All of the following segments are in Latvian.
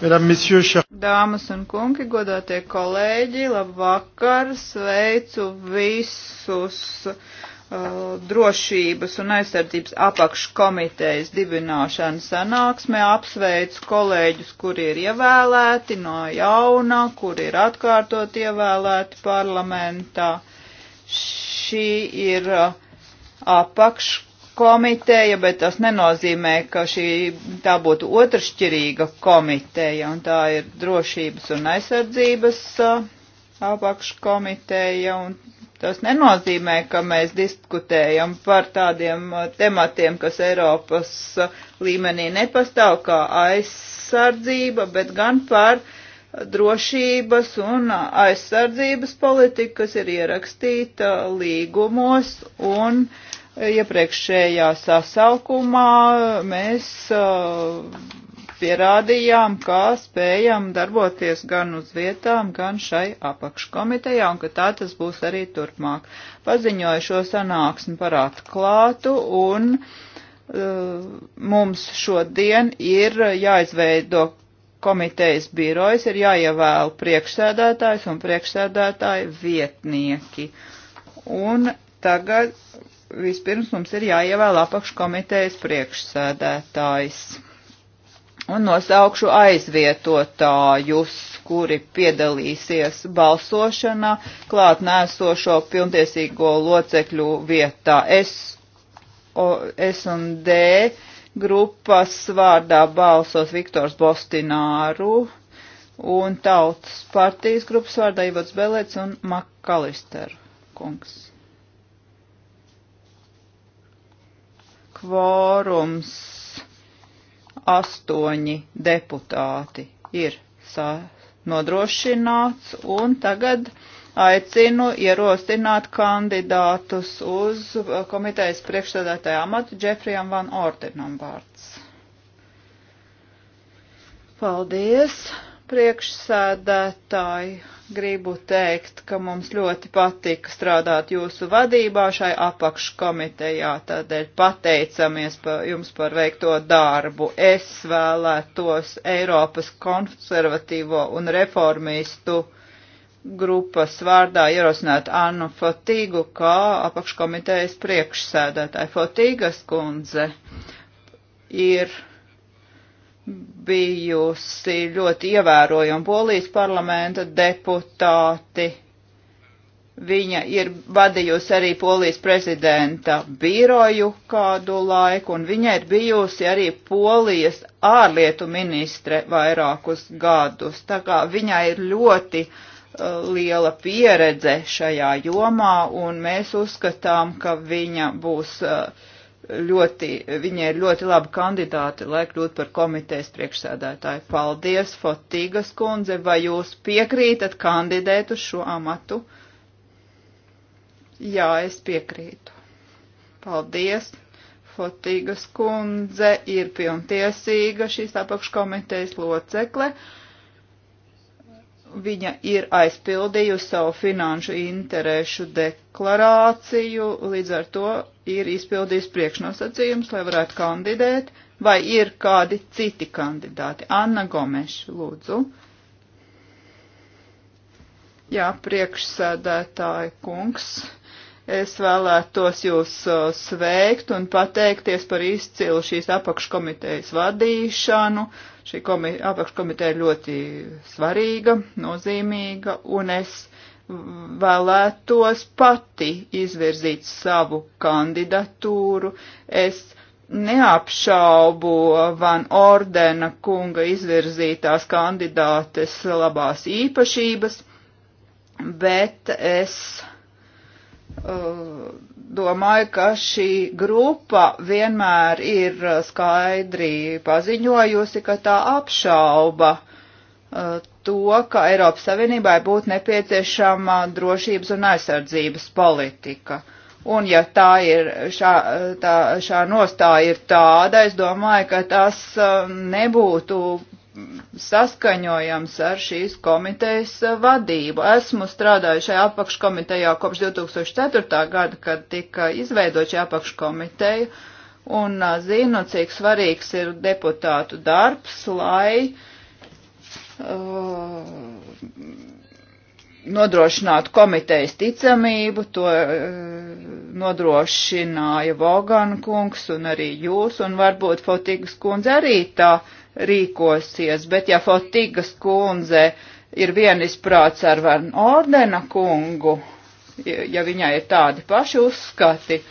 Dāmas un kungi, godātie kolēģi, labvakar, sveicu visus uh, drošības un aizsardzības apakškomitejas dibināšanas sanāksmē, apsveicu kolēģus, kuri ir ievēlēti no jauna, kuri ir atkārtot ievēlēti parlamentā. Šī ir uh, apakškomiteja komiteja, bet tas nenozīmē, ka šī tā būtu otršķirīga komiteja, un tā ir drošības un aizsardzības apakškomiteja, un tas nenozīmē, ka mēs diskutējam par tādiem tematiem, kas Eiropas līmenī nepastāv kā aizsardzība, bet gan par drošības un aizsardzības politika, kas ir ierakstīta līgumos un uh, iepriekšējā sasaukumā mēs uh, pierādījām, kā spējam darboties gan uz vietām, gan šai apakškomitejā, un ka tā tas būs arī turpmāk. Paziņoju šo sanāksmi par atklātu, un uh, mums šodien ir jāizveido komitejas birojas, ir jāievēl priekšsēdētājs un priekšsēdētāja vietnieki. Un tagad vispirms mums ir jāievēl apakškomitejas priekšsēdētājs. Un nosaukšu aizvietotājus, kuri piedalīsies balsošanā klāt nēsošo pilntiesīgo locekļu vietā. Es, o, es un D grupas vārdā balsos Viktors Bostināru un tautas partijas grupas vārdā Ivots Belets un Makalister kungs. kvorums astoņi deputāti ir nodrošināts, un tagad aicinu ierosināt kandidātus uz uh, komitejas priekšstādātāju amatu Džefrijam Van Ordenam vārds. Paldies! priekšsēdētāji, gribu teikt, ka mums ļoti patika strādāt jūsu vadībā šai apakškomitejā, tādēļ pateicamies pa jums par veikto darbu. Es vēlētos Eiropas konservatīvo un reformistu grupas vārdā ierosināt Annu Fotīgu kā apakškomitejas priekšsēdētāju. Fotīgas kundze ir bijusi ļoti ievērojama polijas parlamenta deputāti. Viņa ir vadījusi arī polijas prezidenta biroju kādu laiku, un viņa ir bijusi arī polijas ārlietu ministre vairākus gadus. Tā kā viņai ir ļoti uh, liela pieredze šajā jomā, un mēs uzskatām, ka viņa būs uh, ļoti, viņai ir ļoti labi kandidāti, lai kļūtu par komitejas priekšsēdētāju. Paldies, Fotīgas kundze, vai jūs piekrītat kandidēt uz šo amatu? Jā, es piekrītu. Paldies, Fotīgas kundze ir pilntiesīga šīs apakškomitejas locekle. Viņa ir aizpildījusi savu finanšu interešu deklarāciju, līdz ar to ir izpildījis priekšnosacījums, lai varētu kandidēt, vai ir kādi citi kandidāti. Anna Gomeša, lūdzu. Jā, priekšsēdētāji kungs. Es vēlētos jūs sveikt un pateikties par izcilu šīs apakškomitejas vadīšanu. Šī komi apakškomiteja ļoti svarīga, nozīmīga, un es vēlētos pati izvirzīt savu kandidatūru. Es neapšaubu Van Ordena kunga izvirzītās kandidātes labās īpašības, bet es uh, domāju, ka šī grupa vienmēr ir skaidri paziņojusi, ka tā apšauba uh, Uh, to, ka Eiropas Savienībai būtu nepieciešama drošības un aizsardzības politika. Un ja tā ir, šā, tā, šā nostāja ir tāda, es domāju, ka tas uh, nebūtu saskaņojams ar šīs komitejas vadību. Esmu strādājusi šajā apakškomitejā kopš 2004. gada, kad tika izveidot šī apakškomiteja, un uh, zinu, cik svarīgs ir deputātu darbs, lai uh, Uh, nodrošināt komitejas ticamību, to uh, nodrošināja Vogan kungs un arī jūs, un varbūt Fotīgas kundze arī tā rīkosies, bet ja Fotīgas kundze ir vienisprāts ar Van Ordena kungu, ja viņai ir tādi paši uzskati,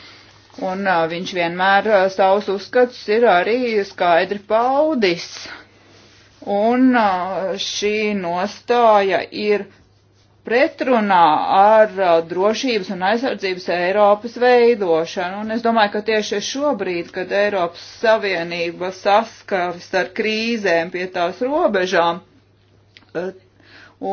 un uh, viņš vienmēr savus uzskatus ir arī skaidri paudis un šī nostāja ir pretrunā ar drošības un aizsardzības Eiropas veidošanu. Un es domāju, ka tieši šobrīd, kad Eiropas Savienība saskars ar krīzēm pie tās robežām,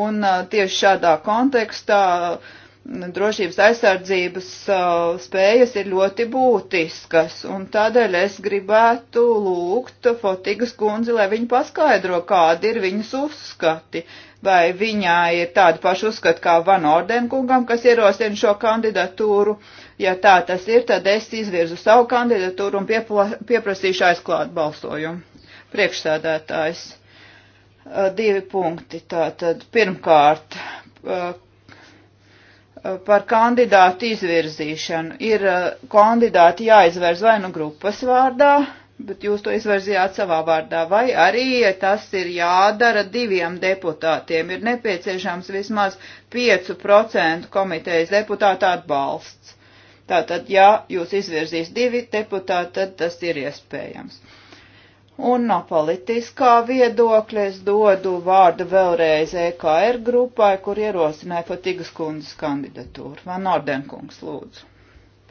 un tieši šādā kontekstā uh, drošības aizsardzības uh, spējas ir ļoti būtiskas, un tādēļ es gribētu lūgt Fotigas kundzi, lai viņa paskaidro, kādi ir viņas uzskati, vai viņā ir tādi paši uzskati kā Van Orden kungam, kas ierosina šo kandidatūru. Ja tā tas ir, tad es izvirzu savu kandidatūru un piepla, pieprasīšu aizklāt balsojumu. Priekšsēdētājs. Uh, divi punkti. Tātad pirmkārt, uh, par kandidātu izvirzīšanu. Ir eh, kandidāti jāizvirz vai nu grupas vārdā, bet jūs to izvirzījāt savā vārdā, vai arī ja tas ir jādara diviem deputātiem. Ir nepieciešams vismaz 5% komitejas deputāta atbalsts. Tātad, ja jūs izvirzīs divi deputāti, tad tas ir iespējams. Uh, Un no politiskā viedokļa es dodu vārdu vēlreiz EKR grupai, kur ierosināja Fatigas kundzes kandidatūru. Van Ordenkungs, lūdzu.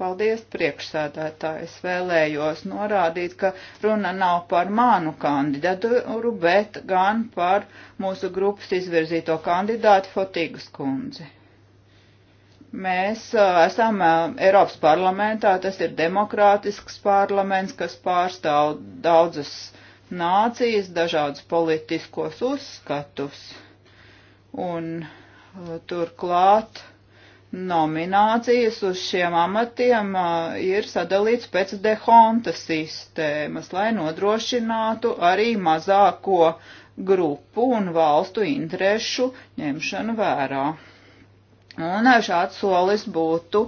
Paldies, priekšsēdētāji. Es vēlējos norādīt, ka runa nav par manu kandidatūru, bet gan par mūsu grupas izvirzīto kandidātu Fotīgas kundzi. Mēs uh, esam uh, Eiropas parlamentā, tas ir demokrātisks parlaments, kas pārstāv daudzas nācijas, dažādus politiskos uzskatus. Un uh, turklāt nominācijas uz šiem amatiem ir sadalīts pēc dehonta sistēmas, lai nodrošinātu arī mazāko grupu un valstu interešu ņemšanu vērā. Un eh, šāds solis būtu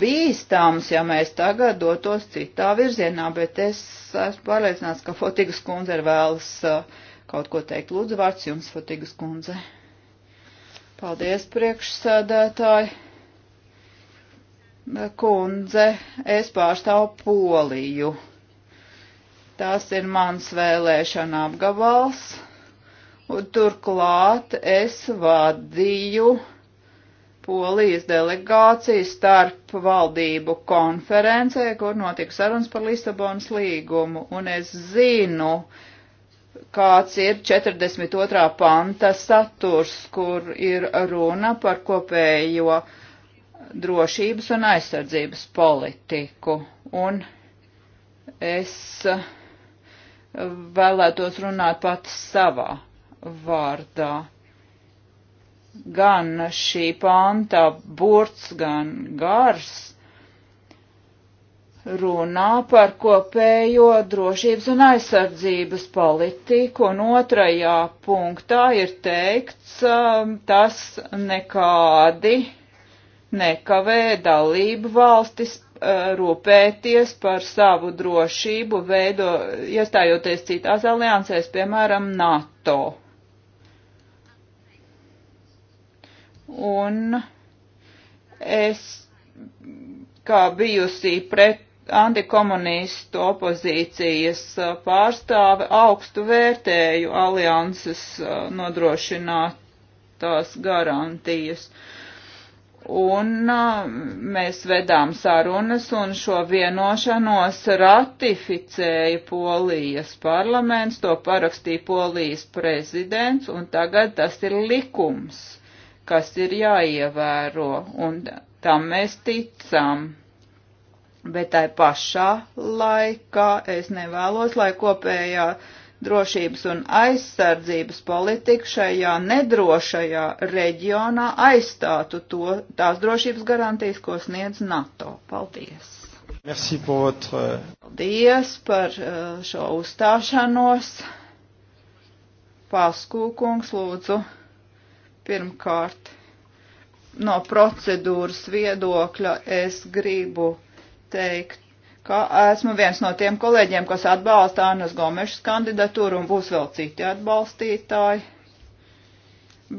bīstams, ja mēs tagad dotos citā virzienā, bet es esmu pārliecināts, ka Fotigas kundze ir vēlas eh, kaut ko teikt. Lūdzu, vārds jums, Fotigas kundze. Paldies, priekšsēdētāji. Kundze, es pārstāvu Poliju. Tas ir mans vēlēšana apgabals. Un turklāt es vadīju Polijas delegācija starp valdību konferencē, kur notika sarunas par Lisabonas līgumu, un es zinu, kāds ir 42. panta saturs, kur ir runa par kopējo drošības un aizsardzības politiku. Un es vēlētos runāt pats savā vārdā gan šī panta burts, gan gars runā par kopējo drošības un aizsardzības politiku, un otrajā punktā ir teikts, um, tas nekādi nekavē dalību valstis uh, rūpēties par savu drošību, veido, iestājoties citās aliansēs, piemēram, NATO. Un es, kā bijusī pret antikomunistu opozīcijas uh, pārstāve, augstu vērtēju alianses uh, nodrošinātās garantijas. Un uh, mēs vedām sarunas, un šo vienošanos ratificēja Polijas parlaments, to parakstīja Polijas prezidents, un tagad tas ir likums kas ir jāievēro, un tam mēs ticam. Bet tai pašā laikā es nevēlos, lai kopējā drošības un aizsardzības politika šajā nedrošajā reģionā aizstātu to, tās drošības garantijas, ko sniedz NATO. Paldies! Merci pour votre... Paldies par uh, šo uzstāšanos. Paskūkungs, lūdzu. Pirmkārt, no procedūras viedokļa es gribu teikt, ka esmu viens no tiem kolēģiem, kas atbalsta Annas Gomešas kandidatūru un būs vēl citi atbalstītāji.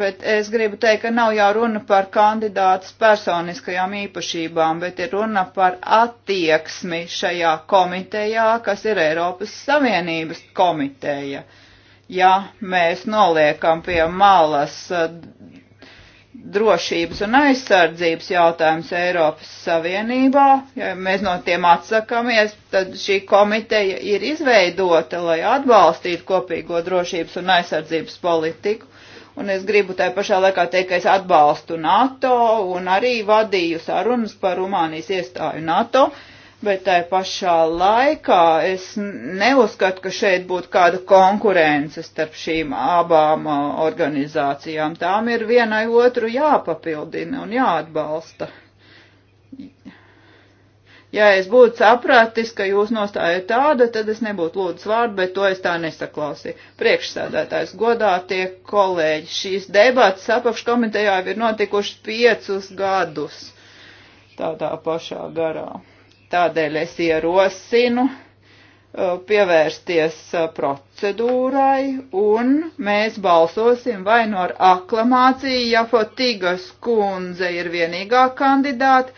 Bet es gribu teikt, ka nav jau runa par kandidātas personiskajām īpašībām, bet ir runa par attieksmi šajā komitejā, kas ir Eiropas Savienības komiteja. Uh, ja mēs noliekam pie malas eh, drošības un aizsardzības jautājums Eiropas Savienībā, ja mēs no tiem atsakamies, tad šī komiteja ir izveidota, lai atbalstītu kopīgo drošības un aizsardzības politiku. Un es gribu tai pašā laikā teikt, ka es atbalstu NATO un arī vadīju sarunas par Rumānijas iestāju NATO. Uh, bet tai pašā laikā es neuzskatu, ka šeit būtu kāda konkurence starp šīm abām uh, organizācijām. Tām ir vienai otru jāpapildina un jāatbalsta. Ja es būtu sapratis, ka jūs nostājat tāda, tad es nebūtu lūdzu vārdu, bet to es tā nesaklausīju. Priekšsēdētājs godā tie kolēģi. Šīs debātas apakškomitejā ir notikušas piecus gadus tādā pašā garā. Tādēļ es ierosinu pievērsties procedūrai, un mēs balsosim vai no nu ar aklamāciju, ja Fotīgas kundze ir vienīgā kandidāta,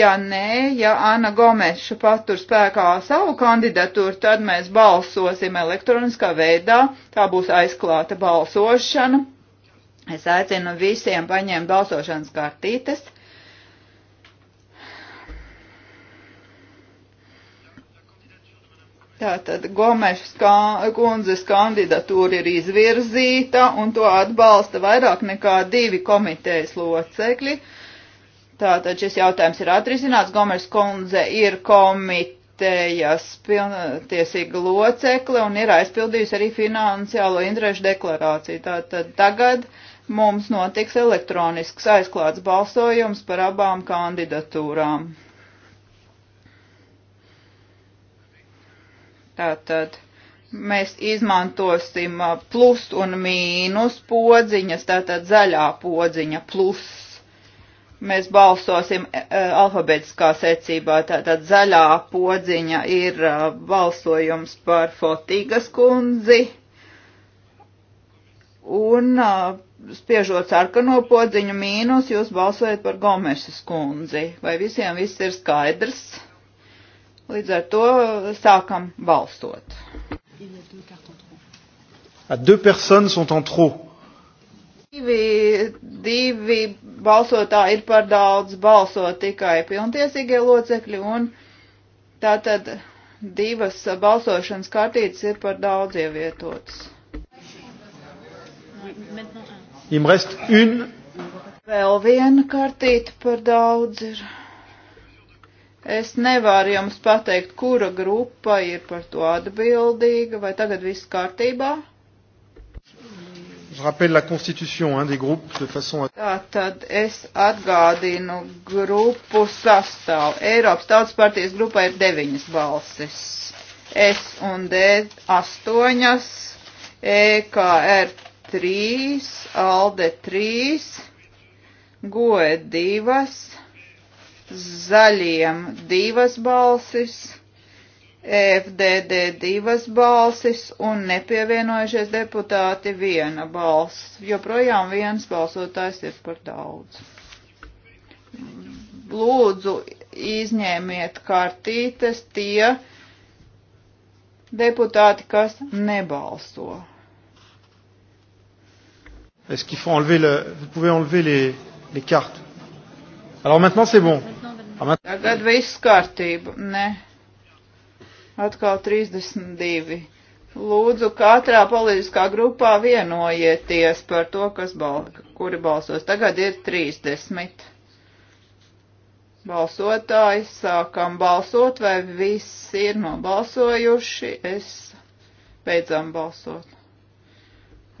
ja nē, ja Ana Gomeša patur spēkā savu kandidatūru, tad mēs balsosim elektroniskā veidā, tā būs aizklāta balsošana. Es aicinu visiem paņemt balsošanas kartītes. Tātad Gomeša ska, kundzes kandidatūra ir izvirzīta un to atbalsta vairāk nekā divi komitejas locekļi. Tātad šis jautājums ir atrisināts. Gomeša kundze ir komitejas pilntiesīga locekle un ir aizpildījusi arī finansiālo interešu deklarāciju. Tātad tagad mums notiks elektronisks aizklāts balsojums par abām kandidatūrām. Tātad mēs izmantosim uh, plus un mīnus podziņas, tātad zaļā podziņa plus. Mēs balsosim uh, alfabētiskā secībā, tātad zaļā podziņa ir uh, balsojums par Fotīgas kundzi. Un spiežot sarkano podziņu mīnus, jūs balsojat par Gomešas kundzi. Vai visiem viss ir skaidrs? Līdz ar to sākam balsot. À deux personnes sont en trop. Divi, divi balsotāji ir par daudz balsot tikai pilntiesīgie locekļi un tātad divas balsošanas kartītes ir par daudz ievietotas. Vēl viena kartīte par daudz ir. Es nevaru jums pateikt, kura grupa ir par to atbildīga, vai tagad viss kārtībā. Tātad es atgādinu grupu sastāvu. Eiropas Tautas partijas grupā ir deviņas balsis. S un D astoņas, EKR trīs, ALDE trīs, GOE divas zaļiem divas balsis, FDD divas balsis un nepievienojušies deputāti viena balss. Joprojām viens balsotājs ir par daudz. Lūdzu, izņēmiet kartītes tie deputāti, kas nebalso. Est-ce qu'il faut enlever le... Vous pouvez enlever les, les cartes. Alors maintenant c'est bon. Tagad viss kārtība. Nē. Atkal 32. Lūdzu, katrā politiskā grupā vienojieties par to, kas bal kuri balsos. Tagad ir 30. Balsotāji, sākam balsot, vai visi ir nobalsojuši? Es beidzam balsot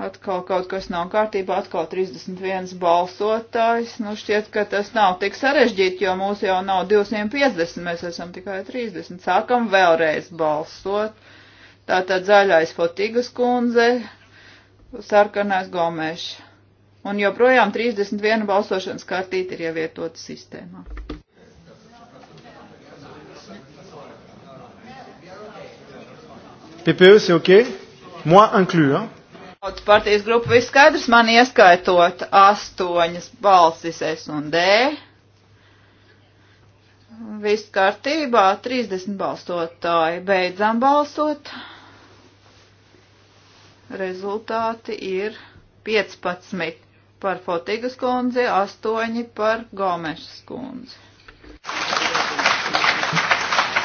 atkal kaut kas nav kārtībā, atkal 31 balsotājs. Nu, šķiet, ka tas nav tik sarežģīti, jo mūs jau nav 250, mēs esam tikai 30. Sākam vēlreiz balsot. Tātad zaļais Fotīgas kundze, sarkanais Gomeš. Un joprojām 31 balsošanas kārtīti ir ievietota sistēmā. PPE, c'est OK Moi inclus, hein Tautas partijas grupa viss skaidrs, man ieskaitot astoņas balsis S un D. Viss kārtībā, 30 balsotāji. Beidzam balsot. Rezultāti ir 15 par Fotigas kundzi, 8 par Gomešas kundzi.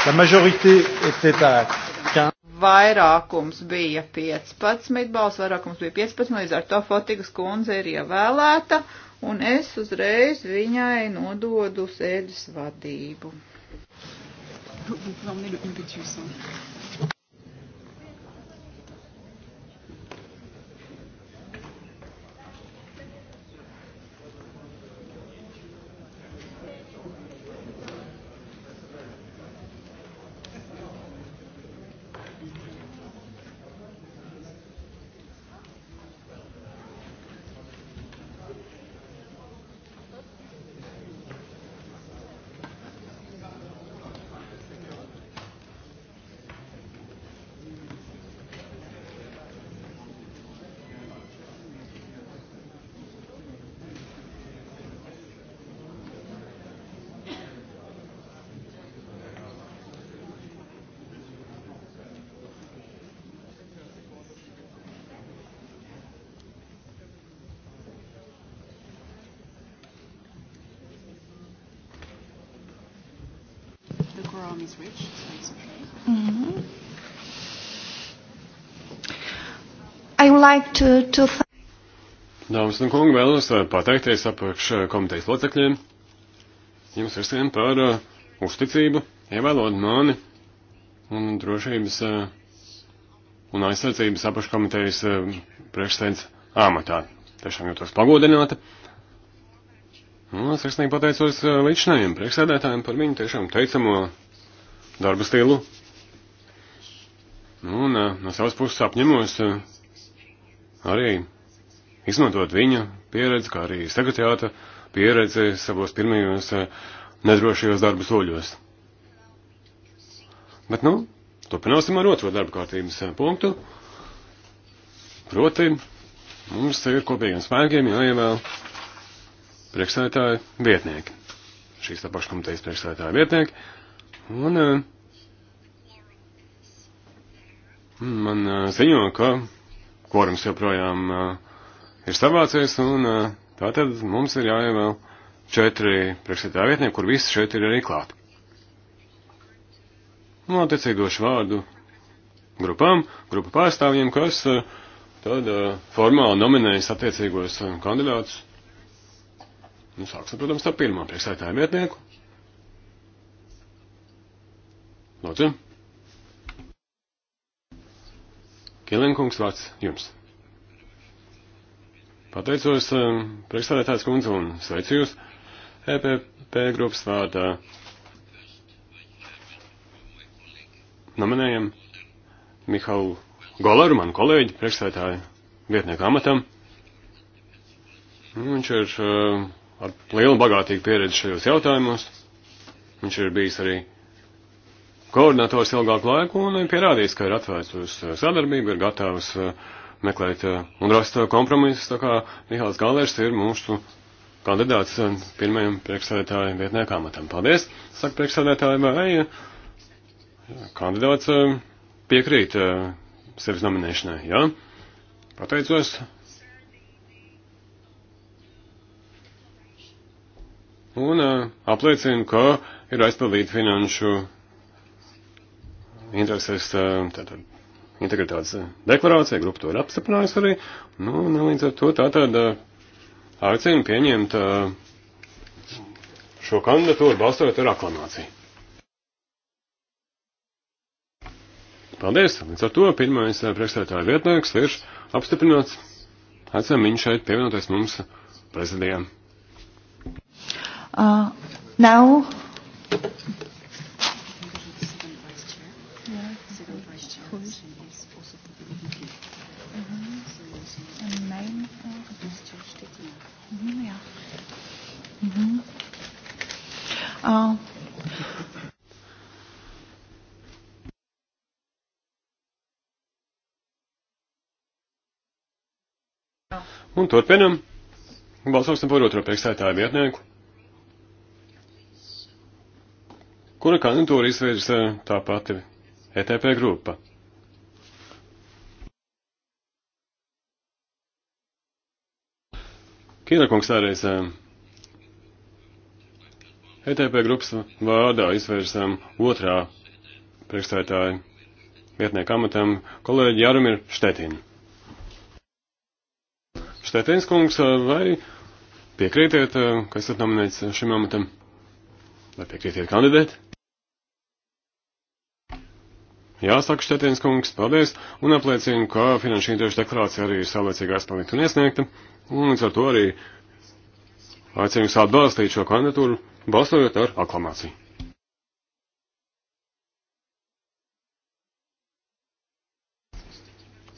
La majorité était à vairākums bija 15 balss, vairākums bija 15, līdz ar to Fotigas kundze ir ievēlēta, un es uzreiz viņai nododu sēdes vadību. Vous pouvez emmener le impetus. Hein. quorum is reached, so it's okay. Mm-hmm. I would like to, to Dāmas un kungi, vēlos uh, pateikties apakš uh, komitejas locekļiem, jums visiem par uh, uzticību, ievēlot mani un drošības uh, un aizsardzības apakškomitejas uh, priekšsēdz āmatā. Tiešām jūtos pagodināta. Un nu, es sirsnīgi pateicos uh, līdzinājiem priekšsēdētājiem par viņu tiešām teicamo darba stilu. Un eh, no savas puses apņemos eh, arī izmantot viņa pieredzi, kā arī sekretariāta pieredzi savos pirmajos eh, nedrošajos darba soļos. Bet, nu, turpināsim ar otro darba kārtības punktu. Proti, mums ir kopīgiem spēkiem jāievēl priekšsētāji vietnieki. Šīs tā paškomitejas priekšsētāji vietnieki. Un eh, man eh, ziņo, ka korums joprojām eh, ir savācies, un tātad mums ir jāievēl četri priekšsēdā vietnieki, kur visi šeit ir arī klāt. Un nu, attiecīgi došu vārdu grupām, grupu pārstāvjiem, kas tad formāli nominējas attiecīgos kandidātus. Nu, sāksim, protams, ar pirmā priekšsētāja vietnieku. Lūdzu. Kielenkungs vārds jums. Pateicos eh, priekšstādētājs kundze un sveicu jūs EPP grupas vārdā. Nominējam Mihalu Golaru, manu kolēģi, priekšstādētāju vietnieku amatam. Viņš ir eh, ar lielu bagātīgu pieredzi šajos jautājumos. Viņš ir bijis arī koordinators ilgāku laiku un ir pierādījis, ka ir atvērts uz eh, sadarbību, ir gatavs eh, meklēt eh, un rast kompromisus, tā kā Mihāls Galers ir mūsu kandidāts pirmajam priekšsēdētāju vietnieku amatam. Paldies, saka priekšsēdētāji, vai kandidāts piekrīt sevis nominēšanai, jā? Ja? Pateicos. Un apliecinu, ka ir aizpildīta finanšu intereses tātad, integritātes deklarācija, grupa to ir apstiprinājusi arī. Nu, nu, līdz ar to tātad aicinu pieņemt šo kandidatūru balstojot ar aklamāciju. Paldies! Līdz ar to pirmais priekšstādātāja vietnieks ir apstiprināts. Aicinām viņu šeit pievienoties mums prezidijām. Uh, now Hm. Mhm. Mhm, mhm. Ah. Un turpinam. Balsosim par otro priekšsētāju vietnieku. Kura kandidatūra izvirza eh, tā pati ETP grupa? Kīnakungs vēlreiz ETP grupas vārdā izvērsām otrā priekšstādātāja vietnieku amatam kolēģi Jarumir Štetina. Štetins kungs, vai piekrītiet, ka esat nominēts šim amatam? Vai piekrītiet kandidēt? Jāsaka, Štetins kungs, paldies, un apliecinu, ka finanšu interešu deklarācija arī ir saulēcīgi aizpildīta un iesniegta, un līdz ar to arī aicinu jūs atbalstīt šo kandidatūru, balsojot ar aklamāciju.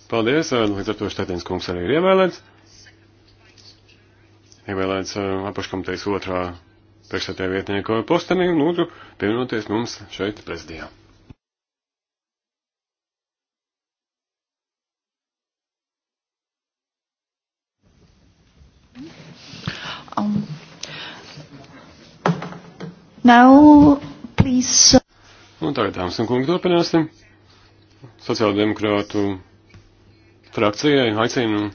Paldies, eh, līdz ar to Štetins kungs arī ir ievēlēts. Ievēlēts eh, apaškomitejas otrā priekšsētē vietnieko postenī un lūdzu pievienoties mums šeit prezidijā. Now, please. Uh, un tagad, dāmas un kungi, turpināsim. Sociāldemokrātu frakcijai aicinu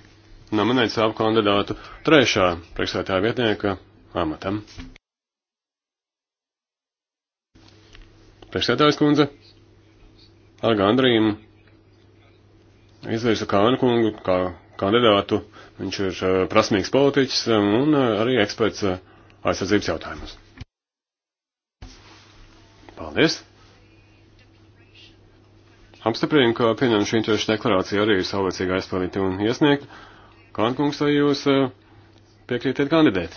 nominēt savu kandidātu trešā priekšsētāja vietnieka amatam. Priekšsētājas kundze, ar gandrījumu izvirsu Kānu kungu kā kandidātu. Viņš ir uh, prasmīgs politiķis um, un uh, arī eksperts aizsardzības jautājumus. Paldies! Apstiprinu, ka finanšu interešu deklarācija arī ir saulēcīgi aizpildīta un iesniegta. Kānkungs, vai jūs eh, piekrītiet kandidēt?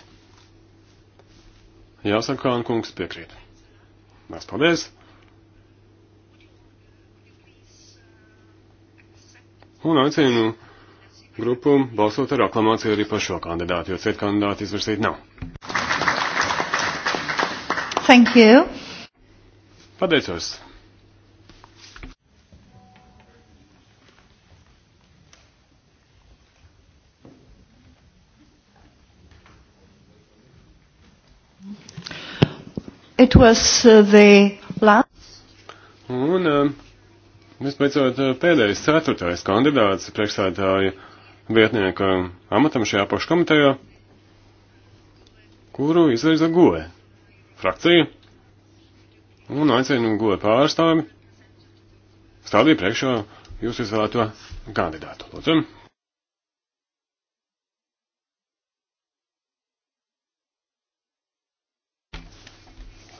Jāsaka, Kānkungs piekrīt. Mēs paldies! Un aicinu grupu balsot ar aklamāciju arī par šo kandidātu, jo citu kandidātu izvirsīt nav. Thank you. Pateicos! It was uh, the last. Un uh, visbeidzot uh, pēdējais ceturtais kandidāts priekšstādātāja vietnieka amatam šajā paškomitejā, kuru izvirza goja frakcija. Un aicinu godu pārstāvi stādīt priekšā jūsu izvēlēto kandidātu. Lūdzu.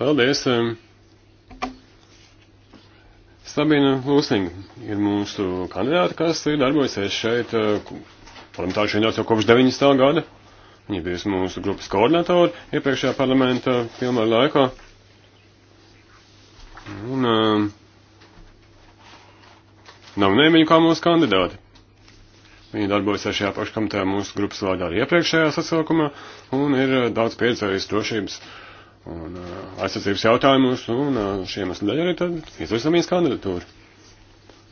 Paldies. Sabina Lūsniņa ir mūsu kandidāte, kas ir darbojusies šeit eh, parlamentāru šeit jau kopš 90. gada. Viņa bijusi mūsu grupas koordinatori iepriekšējā parlamenta pilnvaru laikā. Un um, nav nemiņu kā mūsu kandidāti. Viņi darbojas ar šajā paškamitē mūsu grupas vārdā arī iepriekšējā sasaukumā un ir eh, daudz pieredzējis drošības un uh, aizsardzības jautājumus un uh, šiem asmedēļ arī tad izvirzamies kandidatūru.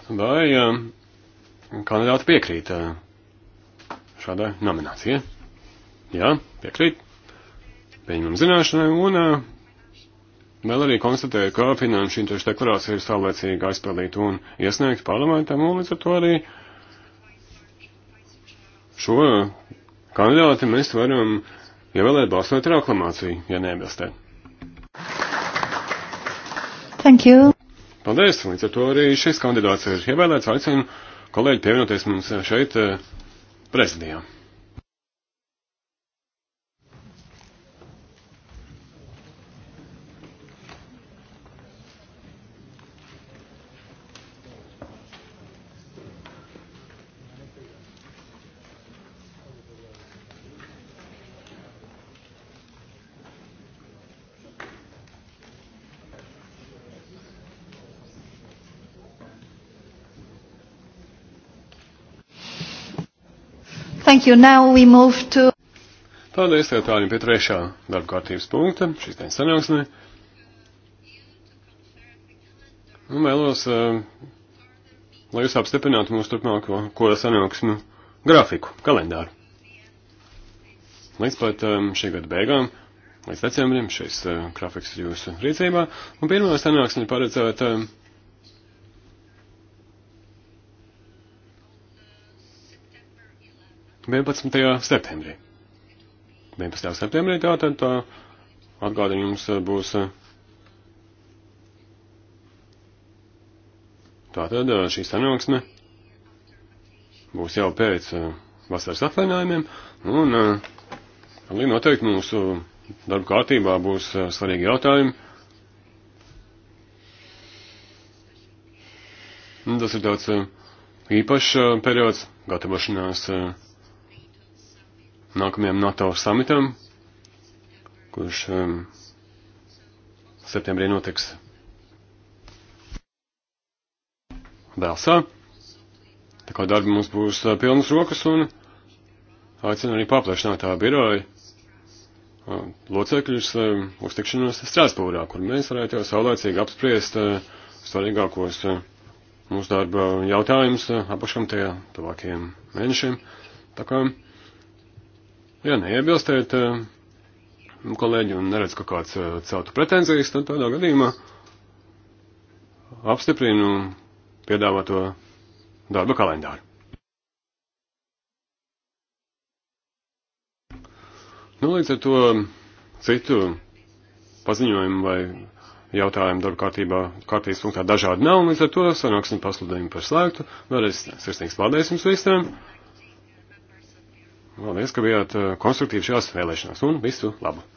Vai uh, kandidāti piekrīt uh, šādai nominācijai? Jā, piekrīt. Pieņemam zināšanai un uh, Vēl arī konstatēja, ka finanšu interešu deklarācija ir saulēcīgi aizpildīta un iesniegta parlamentam, un līdz ar to arī šo kandidāti mēs varam ievēlēt balsot ar aklamāciju, ja neiebilstē. Thank you. Paldies, līdz ar to arī šis kandidāts ir ievēlēts. Aicinu kolēģi pievienoties mums šeit eh, prezidijā. Thank you. Now we move to. Paldies, Lietāņi, pie trešā darba kārtības punkta šīs dienas sanāksmē. Un nu, vēlos, eh, lai jūs apstiprinātu mūsu turpmāko ko sanāksmu grafiku, kalendāru. Līdz pat eh, šī gada beigām līdz decembrim šis uh, grafiks ir jūsu rīcībā, un pirmā sanāksme ir paredzēta uh, 11. septembrī. 11. septembrī tātad tā atgādina jums uh, būs uh, tātad uh, šī sanāksme būs jau pēc vasaras atvaļinājumiem un arī noteikti mūsu darba kārtībā būs svarīgi jautājumi. Tas ir tāds īpašs periods gatavošanās nākamajam NATO samitam, kurš um, septembrī notiks Delsā. Tā kā darbi mums būs uh, pilnas rokas un aicinu arī paplašināt tā biroja uh, locekļus uh, uz tikšanos Strāsbūrā, kur mēs varētu jau saulēcīgi apspriest uh, svarīgākos uh, mūsu darba jautājumus uh, apakšam tajā tuvākajiem mēnešiem. Tā kā Ja neiebilstēt eh, kolēģi un neredz, ka kāds eh, celtu pretenzijas, tad tādā gadījumā apstiprinu piedāvāto darba kalendāru. Nu, līdz ar to citu paziņojumu vai jautājumu darba kārtībā, kārtības punktā dažādi nav, un līdz ar to sanāksim pasludējumu par slēgtu. Vēlreiz sirsnīgs paldies jums visiem! Paldies, ka bijāt eh, konstruktīvi šajās vēlēšanās un visu labu!